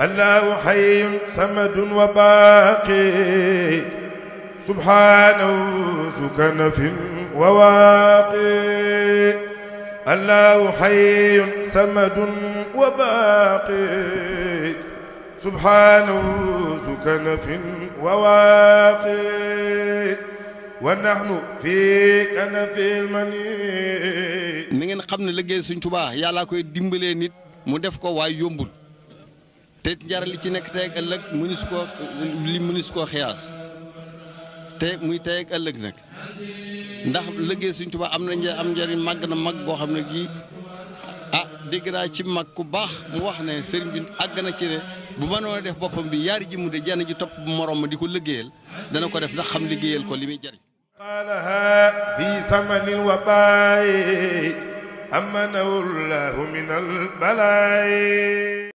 الله حي صمد وباقي سبحانه ذو كنف وواقي الله حي صمد وباقي سبحانه ذو كنف وواقي ونحن في كنف المني. na ngeen xam ne liggéey Sëriñ Tuubaa yàlla koy dimbalee nit mu def ko waaye yombul. te njar li ci nekk tey ak ëllëg mënu su koo li mënu koo xiyaas te muy tey ëllëg nag ndax lëggéey Sëriñ Tuubaa am na nja am njariñ màgg na mag boo xam ne gii a ah, dégg naa ci mag ku baax mu wax ne sëriñ bi àgg na ci ne bu mënoon a def boppam bi yaar ji mu de jenn ji topp morom ma di ko liggéeyal dana ko def ndax xam liggéeyal ko li muy jariñ قالها في زمن الوباء